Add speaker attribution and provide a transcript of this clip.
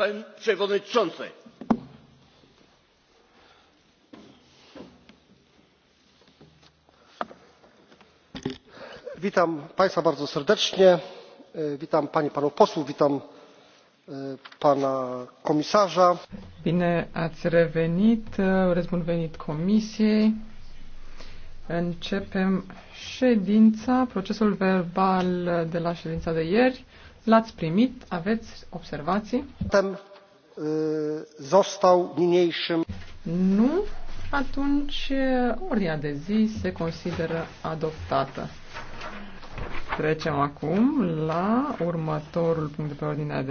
Speaker 1: panie przewodniczący!
Speaker 2: witam państwa bardzo serdecznie witam panie i panów posłów witam pana komisarza.
Speaker 3: bine ați
Speaker 4: revenit urez venit comisiei. Începem ședința, procesul verbal de la ședința de ieri. L-ați primit, aveți observații?
Speaker 2: Zostau
Speaker 4: niniejszym. Nu, atunci ordinea de zi se consideră adoptată. Trecem acum la următorul
Speaker 5: punct de pe ordinea de